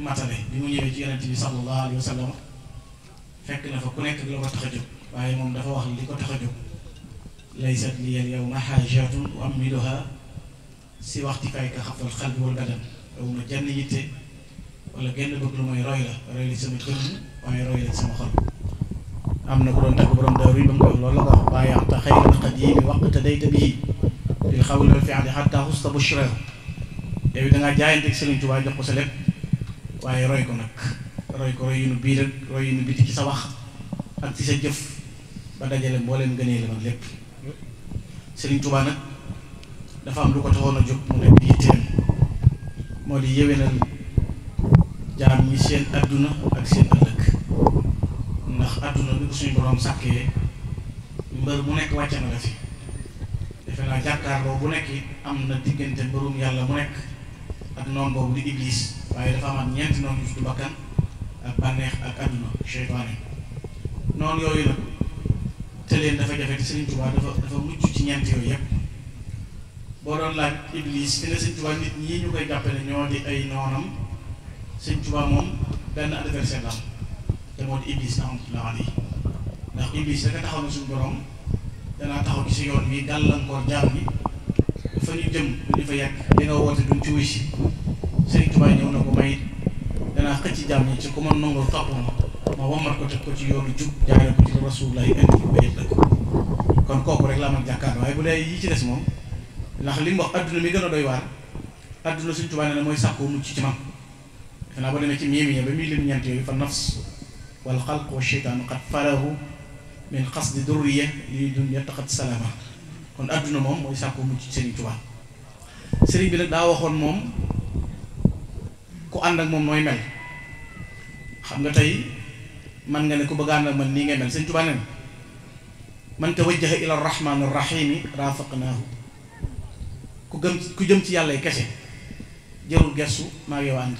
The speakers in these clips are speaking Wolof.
matale bi mu ñëwee ci yonent bi sallallahu wa sallam waaye moom dafa wax li ko tax a jóg laysat liya al-yawma haajatun u'ammiluha si waxti kay ka xafal qalbi wal badan yow ma jànn yitte wala genn waaye roy la sama xol am na ku doon takk loolu la ko wax bàyyi am te xëy na xaj yi mi wax te day tabii bil xawli ak Sëriñ Tuubaa jox ko sa waaye roy ko nag roy ko roy yu nu biir ak roy yu nu biti ci sa wax ak ci sa jëf ba dajale mbooleem gënee la man lépp Serigne Touba nag dafa am lu ko taxoon a jóg moo di yéwénal jaam ñi seen adduna ak seen ëllëg ndax adduna bi ko suñu borom sàkkee mbër mu nekk wàcce na la fi defe naa jàkkaarloo bu nekk am na diggante mbërum yàlla mu nekk ak noon boobu di iblis waaye dafa amaat ñeenti noonu yu tudd bakkan ak bànneex ak àdduna seytaane noonu yooyu nag te leen dafa jafe te Sëriñ Tuubaa dafa dafa mucc ci ñeent yooyu yëpp boo doon laaj Iblis fi ne Sëriñ Tuubaa nit ñi ñu koy jàppale ñoo di ay noonam Sëriñ Tuubaa moom benn adversaire la te moo di Iblis rahmatullahi alayhi danga taxaw na suñu borom danaa taxaw ci si yoon wi gàllankoor jaam ni fa ñu jëm du ñu fa yàgg dina woote duñ ci si naa xëcc jàmm ci ku ma nangoo topp ma ma wammat ko teg ko ci yoonu jub jaaree ko ci rasulullah indi bayit la ko kon kooku rek laa man jàkkaar waaye bu dee yi ci des moom ndax li mu wax adduna mi gën a doy waar adduna suñ tubaab nee na mooy sàkkoo mucc ci man defe naa boo ci miimiñe ba muy lim ñeent fa nafs wal xalq wa cheytaanu xat farahu min xasdi durriya li dun yettaqat salaama kon adduna moom mooy sàkkoo mucc ci sëriñ tubaab bi nag daa waxoon moom ku ànd ak moom nooy mel xam nga tey man nga ne ku bëgg man nii ngay mel sëñ Tuubaa ne man tawajjaha ila rahmaani ku gëm jëm ci yàlla kese jarul gestu maa ngi yow ànd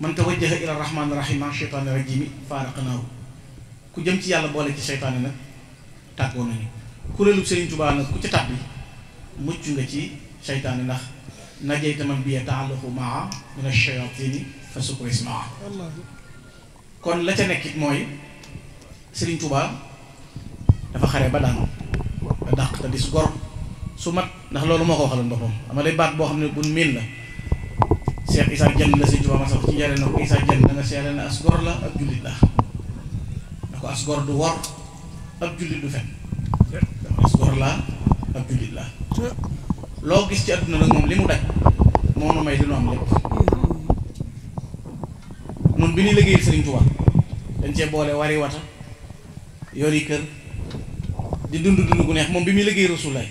man tawajjaha ila rahmaani rahim maa sheytaani rajimi ku jëm ci yàlla boole ci seytaane nag tàggoo nañu kuréelu sëriñ Tuubaa nag ku ci tàbbi mucc nga ci seytaane ndax najayta man bi yata'allaqu maa min shayaatini fa suqra ismaa kon la ca nekkit mooy Serigne Touba dafa xare ba daanu da dàq te dis gor su mat ndax loolu moo ko waxaloon boppam ama lay baat boo xam ne buñ miin la Cheikh Issa Diagne la Serigne Touba ma sax ci njëriñ na ko Issa Diagne da nga seere na la ak jullit la da ko as gor du wor ab jullit du fen as la ab jullit la loo gis ci àdduna nag moom li mu daj moo nu may dinu am lépp noonu bi ñuy liggéeyal Serigne Touba dañ cee boole wari wata yori kër di dund dund bu neex moom bi muy liggéey rasulaay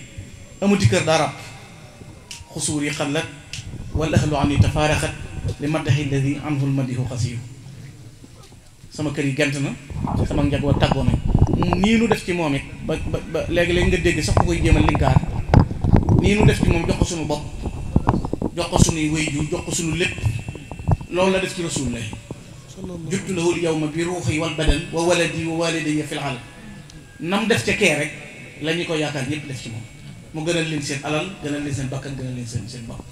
amati kër daa rab xusuur yi xallat wal ahlu an yi tafaaraxat li maddaxi alladi anhu lmadihu xasiyu sama kër yi gent na sama njaboot tàggoo nañ nii lu def ci moom it ba ba léegi-léegi nga dégg sax ku koy jéemal linkaar nii nu def ci moom jox ko suñu bopp jox ko suñuy wéyju jox suñu lépp loolu la def ci rasulaay juttu la wul yow ma bi ruuxi wax badan wa waladi wa walidayya fil alam nam def ca kee rek lañu ko yaakaar ñëpp def ci moom mu gënal leen seen alal gënal leen seen bakkan gënal leen seen seen bopp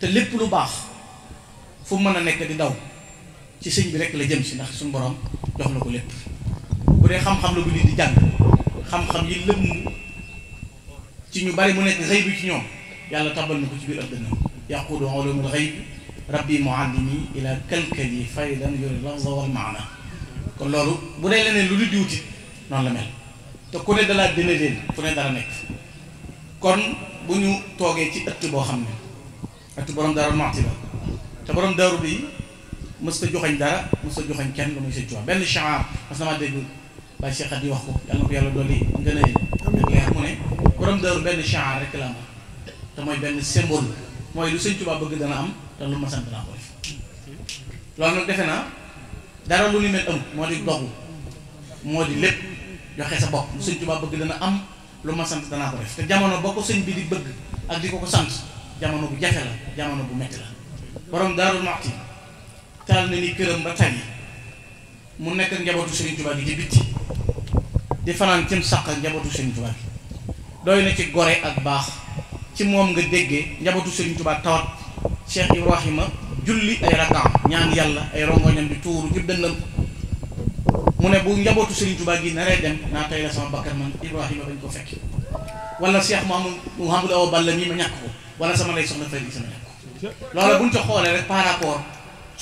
te lépp lu baax fu mën a nekk di daw ci sëñ bi rek la jëm si ndax suñ borom jox na ko lépp bu dee xam-xam la bu di jàng xam-xam yi lëm ci ñu bari mu nekk xëy bi ci ñoom yàlla tabal na ko ci biir ak dënam yàqudu ulumul xëy rabbi muallimi ila kalkali faydan yori lafza wal maana kon loolu bu dee leneen lu du diwuti la mel te ku ne dalaa dina leen ku kon bu ñu toogee ci ëtt boo xam ne ëtt borom daaru maati la te borom daaru bi mës ta joxañ dara mës ta joxañ kenn lu muy sëñ Tuubaa benn chaar mas na maa di wax ko yàlla na ko a ak leer mu benn chaar rek la am te mooy benn symbole mooy lu sëñ Tuubaa bëgg dana am te lu ma sant naa ko def loolu nag defe naa dara lu ni mel am moo di dogu moo di lépp joxe sa bopp sëñ Tuubaa bëgg dana am lu ma sant danaa ko def te jamono boo ko sëñ bi di bëgg ak di ko ko sant jamono bu jafe la jamono bu metti la borom Daaru Muxti taal na ni këram ba tàyyi mu nekk njabootu Sëriñ Tuubaa gi di bitti di fanaan cim sàq njabootu Sëriñ Tuubaa gi doy na ci gore ak baax ci moom nga déggee njabatu Sëriñ Tuubaa tawat Cheikh Ibrahima julli ay rakaam ñaan yàlla ay rongoñam di tuuru ci dënnam mu ne bu njabootu Serigne Touba gi naree dem naa tey la sama bakkar man Ibrahima bañ ko fekk wala seex Mouhamadou Mouhamadou Awa Balla mii ma ñàkk ko wala sama lay soxna Fadi sama ñàkk ko loolu buñ ca xoolee rek par rapport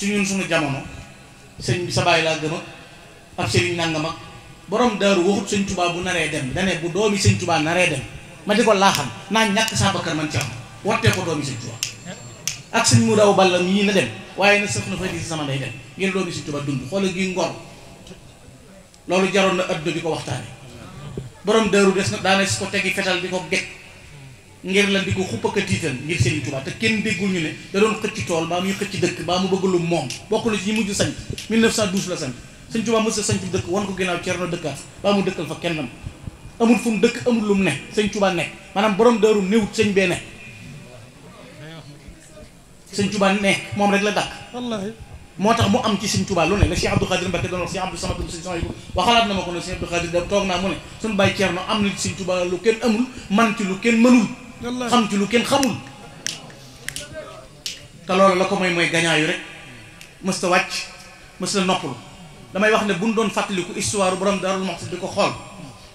ñun suñu jamono sëñ bi sa bàyyi laa gëm ak ab sëriñ nangam ak borom daaru waxut sëñ Touba bu naree dem dane bu doomi sëñ Touba dem ma di laa xam naa ñàkk saa bakkar man ci am wattee ko doomi sëñ Touba ak sëñ mu daw balla mii na dem waaye na sëf na fa di sama day dem ngeen doomi sëñ Tuubaa dund xoola gi ngor loolu jaroon na adduna di ko waxtaane borom dëru des na daana si ko tegi fetal di ko get di ko xupp ak a tiital kenn déggul ñu ne da doon tool baa muy dëkk baa bëgg lu moom bokk na ci ñi mujj sañ 1912 la sañ sëñ Tuubaa mës dëkk wan ko ginnaaw Ceerno dëkkaat baa mu dëkkal fa kennam amul fu mu dëkk amul lu mu ne sëñ Tuubaa nekk maanaam borom dëru néewut sëñ bee ne sëñ Tuubaa ne moom rek la dàkk wallaahi moo tax mu am ci sëñ Tuubaa lu ne la Cheikh Abdou Khadir Mbacké doon wax Cheikh Abdou Samad sëñ Sohaybou waxalaat na ma ko ne Cheikh Abdou Khadir da toog naa mu ne suñu bàyyi Ceerno am na ci sëñ Tuubaa lu kenn amul man ci lu kenn mënul xam ci lu kenn xamul te loolu la ko mooy mooy gañaayu rek mës ta wàcc mës la noppalu damay wax ne buñ doon fàttaliku histoire borom Daarul Muxti di ko xool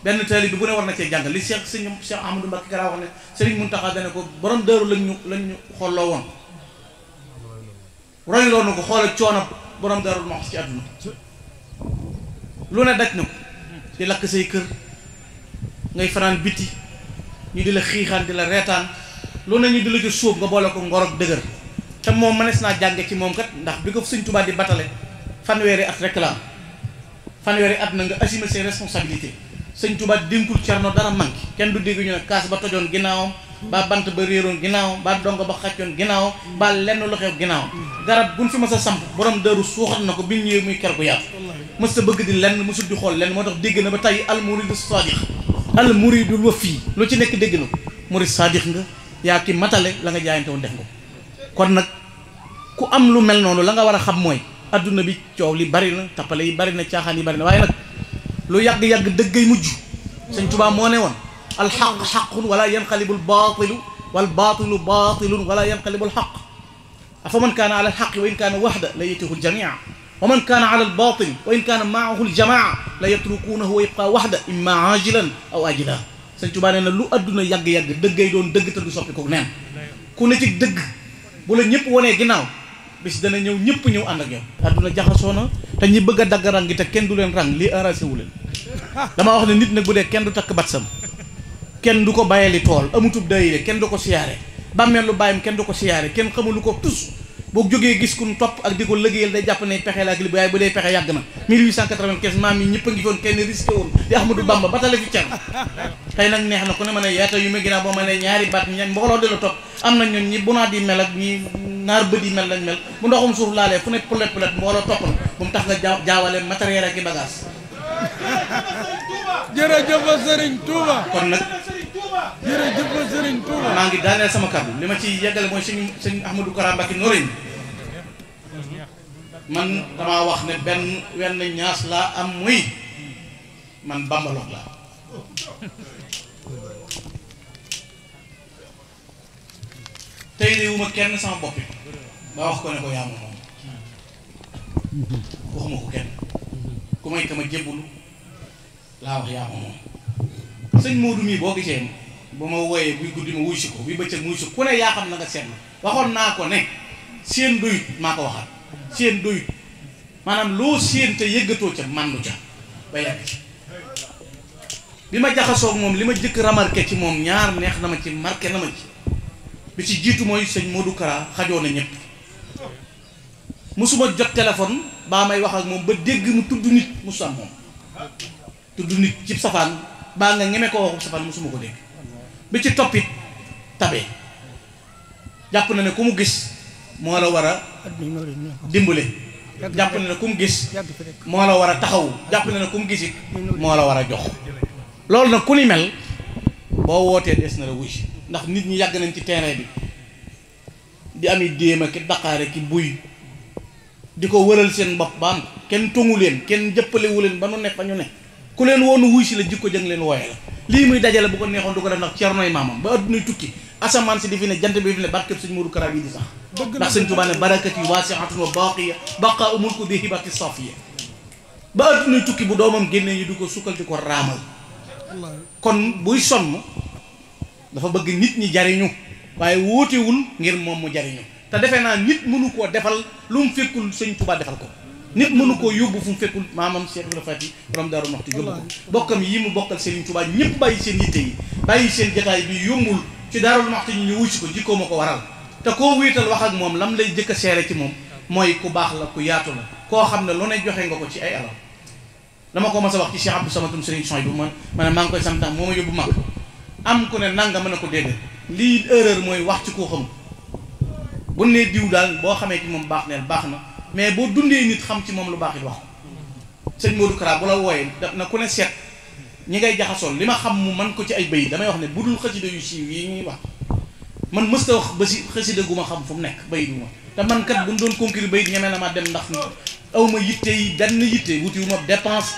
benn taalibe bu ne war na cee jàngal li Cheikh sëñ Cheikh Ahmadou Mbacké Kara wax ne Sëriñ Muntaxa dana ko borom daaru lañ ñu lañ ñu xolloo woon roy loo na ko xoolal coono borom Daaru Muxti ci àdduna lu ne daj na ko di lakk say kër ngay fanaan biti ñu di la xiixaan di la reetaan lu ne ñu di la ci suub nga boole ko ngor ak dëgër te moom mënees naa jànge ci moom kat ndax bi ko Sëñ Tuubaa di batale fanweeri at rek la fanweeri at na nga assumer ses responsabilités Sëñ Tuubaa dénkul Cerno dara manqué kenn du dégg ñu ne kaas ba tojoon ginnaawam ba bant ba réeroon ginnaaw ba dongo ba xàccoon ginnaaw ba lenn lu xew ginnaaw garab buñ fi mës a samp borom dëru suuxat na ko bi ñëwee muy ker gu yàqu mës a bëgg di lenn mësul di xool lenn moo tax dégg na ba tey al muridu sadiq nekk dégg na ko murid sadiq nga yaa matale la nga jaayante woon def nga kon nag ku am lu mel noonu la nga war a xam mooy adduna bi coow li bari na tappale yi bari na caaxaan yi bari na waaye nag lu yàgg-yàgg dëgg dëggay mujj sëñ Tuubaa moo ne woon alxaq xaqun wala yanqalibu albaatilu walbaatilu baatilun wala yanqalibu alxaq afa man kaana ala alxaqi wa in kaana waxda la yetihu aljamia wa man kaana ala albaatil wa in kaana maahu aljamaa la yatrukuunahu wa yibqaa waxda imma ajilan aw ajilan sëñ Tuubaa nee na lu adduna yàgg-yàgg dëggay doon dëgg te du soppi ko neen ku ne ci dëgg bu la ñëpp wanee ginnaaw bis dana ñëw ñëpp ñëw ànd ak yow adduna jaxasoo na te ñi bëgg a dagg rang gi te kenn du leen rang lii arrangé wu leen dama wax ne nit nag bu dee kenn du takk batsam kenn du ko bayali tool amutub dayire kenn du ko siyaare bàmmeelu bàyyam kenn du ko siyaare kenn xamalu ko tus boo jógee gis ku nu topp ak di ko liggéeyal day jàpp na yi ñëpp a ngi foon kenn risqué woon di Ahmadou Bamba ba tale fi car tey nag neex na ku ne ma ne yaata yu ma ginnaaw boo ma ne ñaari baat ña mbooloo di mu tax nga jaa jaawale kon nag jërëjëf maa ngi daaneel sama kàddu li ma ciy yeggale mooy sëñ sëñ Ahmadou Kara Mbacké Noreyni man damaa wax ne benn wenn ñaas laa am muy man bambalox laa tey kenn sama bopp ba wax ko ne ko yaa moom waxuma ko kenn ku may ka ma jébbalu laa wax yaa moom sëñ Modou mii boo gisee bu ma wooyee buy guddi ma wuy si ko buy bëccëg muy si ku ne yaa xam na nga seetlu waxoon naa ko ne seen doyut maa ko waxaat seen doyut maanaam loo seen te yëggatoo ca màndu ca bi ma jaxasoog moom li ma jëkk remarqué ci moom ñaar neex na ma ci marqué na ci bi ci jiitu mooy sëñ Modou Kara xajoo na ñëpp mosuma jot téléphone baa may wax ak moom ba dégg mu tudd nit mosu am moom tudd nit ci safaan baa nga ñeme koo waxu safaan mosuma ko dégg bi ci toppit tabe jàpp na ne ku mu gis moo la war a dimbale jàpp na ne ku mu gis moo la war a taxaw jàpp na ne ku mu gisit moo la war a jox loolu nag ku ni mel boo wootee des na la wuy ndax nit ñi yàgg nañ ci terrain bi di ami déem a ki daqaare ki buy di ko wëral seen bopp ba am kenn tungu leen kenn jëppalewu leen ba nu nekk fa ñu ne ku leen woonu wuy si la jikko jëng leen wooye la lii muy dajale bu ko neexoon du ko def ndax ceernooy maamam ba addunay tukki asamaan si di fi ne jant bi fi ne barkeb sëñ Modou Kara bi di sax ndax sëñ Tuubaa ne barakati waasiatun wa baaqiya baqa umul ko di ba addunay tukki bu doomam génnee ñu du ko sukkal di ko raamal kon buy sonn dafa bëgg nit ñi jariñu waaye wóotewul ngir moom mu jariñu te defe naa nit mënu koo defal lu mu fekkul sëñ Tuubaa defal ko nit mënu koo yóbbu fu mu fekkul maamam Cheikh Ibrahima Fati borom daaru waxtu yóbbu ko bokkam yi mu bokkal Serigne Touba ñëpp bàyyi seen yitte yi bàyyi seen jataay bi yombul ci daarul waxtu ñu ñu wucc ko ko ma ko waral te koo wiital wax ak moom lam lay jëkka seere ci moom mooy ku baax la ku yaatu la koo xam ne lu ne joxe nga ko ci ay alal dama ko mas a wax ci Cheikh Abdou Samatum Serigne Soy bu man ma ne maa ngi koy samtam moo ma yóbbu mag am ku ne nanga mën a ko déedéet lii erreur mooy wax ci koo xam bu ne diw daal boo xamee ci moom baax neel baax na mais boo dundee nit xam ci moom lu baax it wax sëñ Modou Kara bu la wooyee na ku ne seet ñi ngay jaxasoon li ma xam mu man ko ci ay bay damay wax ne budul xasida yu siiw yi ñuy wax man mësta wax ba si xasida gu ma xam fu mu nekk bayit ma te man kat bu ñu doon conclure bayit ñeme na ma dem ndax aw ma yitte yi benn yitte wuti wu ma dépense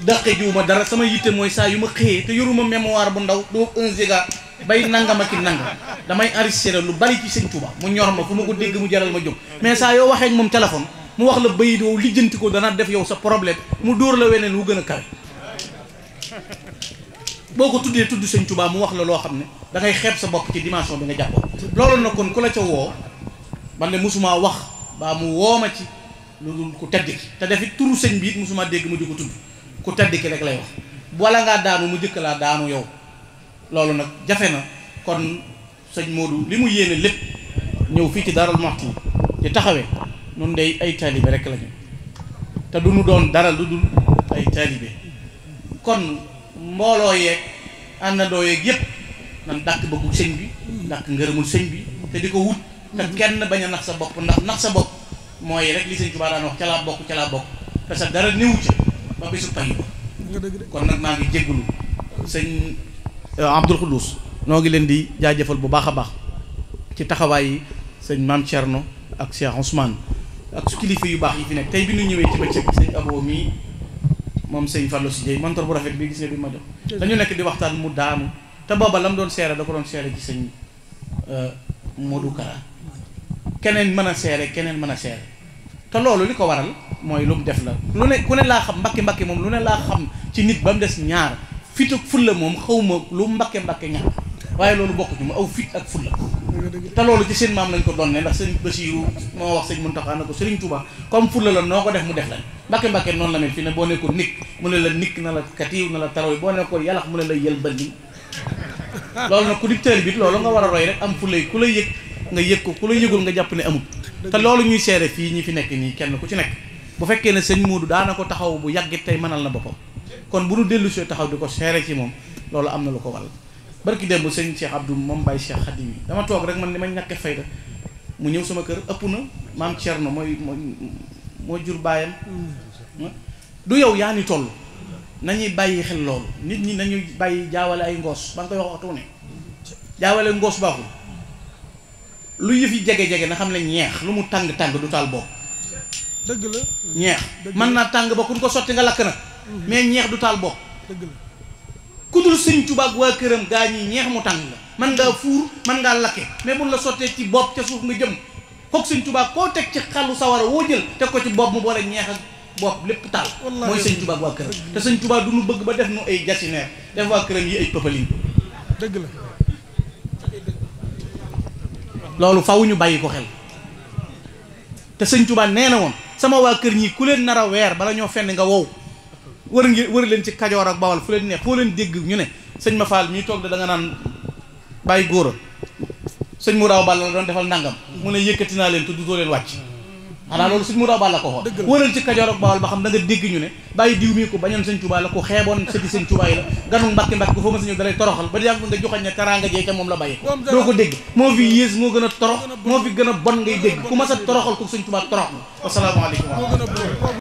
daqe jiwu ma dara sama yitte mooy saa yu ma xëyee te yoruma mémoire bu ndaw doo un giga bay nangam ak nangam damay enregistré lu bari ci sëñ Touba mu ñor ma fu ma ko dégg mu jaral ma jóg mais saa yoo waxee ak moom téléphone mu wax la bayit wow lijjanti ko dana def yow sa problème mu dóor la weneen wu gën a kawe boo ko tuddee tudd sëñ Touba mu wax la loo xam ne da ngay sa bopp ci dimension bi nga jàppoo loolu na kon ku la ca woo man ne mosumaa wax baa mu woo ma ci lu dul ku tedd ki te defit turu sëñ bi mosuma dégg mu di ko tudd ku tedd rek lay wax wala ngaa daanu mu jëkk daanu yow loolu nag jafe na kon sëñ Modou li mu yéene lépp ñëw fii ci Darou Mouhty di taxawee nun day ay taalibe rek lañu te du ñu doon dara lu dul ay taalibe kon mbooloo yee yeeg àndandoo yeeg yëpp nan dàkk bëggu sëñ bi dàkk ngërëmul sëñ bi te di ko wut te kenn bañ a nax sa bopp ndax nax sa bopp mooy rek li sëñ Tuubaa daan wax ca laa bokk ca laa bokk te sa dara néew ca ba bisu pay kon nag maa ngi jéggulu sëñ Euh, Abdul Xuddus noo ngi leen di jaajëfal bu baax a baax ci taxawaay sëñ maam Thierno ak Cheikh Ousmane ak su kilifa yu baax yi fi nekk tey bi ñu ñëwee ci bëccëg sëñ Abo mii moom sëñ Fallou si Dieye montor bu rafet bi gis nga bi ma jox dañu nekk di waxtaan mu daamu te booba la mu doon seere da doon seere ci sëñ euh, Modou Kara keneen mën a seere keneen mën a seere te loolu li ko waral mooy lu mu def la lu ne ku ne laa xam mbakki mbakki moom lu ne laa xam ci nit ba mu des ñaar fit ak fulla moom xawma lu mbakke mbakke ñax waaye loolu bokk ci mu aw fit ak fulla te loolu ci seen maam lañ ko doon ne ndax sëriñ Basiiru moo wax sëñ Muntaxa na ko sëriñ Tuubaa comme fulla la ko def mu def la mel fi ne boo ne ko nikk mu ne la nikk la katiiw boo ne ko yalax mu loolu nag ku di bi loolu nga war a roy rek am fulla yi ku lay yëg nga yëg ko ku lay nga jàpp ne amul te loolu ñuy seere fii ñi fi nekk nii kenn ku ci nekk bu fekkee ne sëñ Moodu daana ko taxaw bu yàggit tey mënal na boppam kon bu nu dellu see taxaw di ko seere ci moom loolu am na lu ko wàll barki démb sëñ Cheikh Abdou moom Baye Cheikh Khadim yi dama toog rek man ni ma ñàkke fayda mu ñëw sama kër ëpp na maam Thierno mooy mooy moo jur baayam hmm. du yow yaa ni toll nañuy bàyyi xel loolu nit ñi nañuy bàyyi jaawale ay ngoos ba nga koy wax waxtu jaawale ngoos baaxul lu yëf yi jege-jege na xam ne ñeex lu mu tàng-tàng du taal bopp dëgg la ñeex mën naa tàng ba kun ko sotti nga lakk na mais ñeex du taal bopp ku dul sëñ Tuubaa waa këram gaa ñi ñeex mu tàng la man ngaa fuur man ngaa lakke mais buñ la sottee ci bopp ca suuf nga jëm foog sëñ Tuubaa koo teg ci xalu sawara woo jël teg ko ci bopp mu boole ñeex ak bopp lépp taal mooy sëñ Tuubaa waa kër te sëñ Tuubaa du nu bëgg ba def nu ay jasineer def waa këram yi ay pëpalin dëgg la loolu faw ñu bàyyi ko xel te sëñ Tuubaa nee na woon sama waa kër ñi ku leen nar a weer bala ñoo fenn nga wow wër ngeen wër leen ci kajoor ak bawal fu leen neex foo leen dégg ñu ne sëñ ma faal ñuy toog da naan bàyyi góora sëñ Mourao Balla la doon defal nangam mu ne yëkkati naa leen te du doo leen wàcc xanaa loolu sëñ Mourao Balla ko xool wëral ci Kajoor ak Bawol ba xam da nga dégg ñu ne bàyyi diw mii ko bañoon sëñ Touba la ko xeeboon sëti sëñ Touba la ganu mbàkki mbàkki foo ma sëñ da lay toroxal ba yàgg nga joxañ ne teraanga jee ca a torox moo fi gën a bon ngay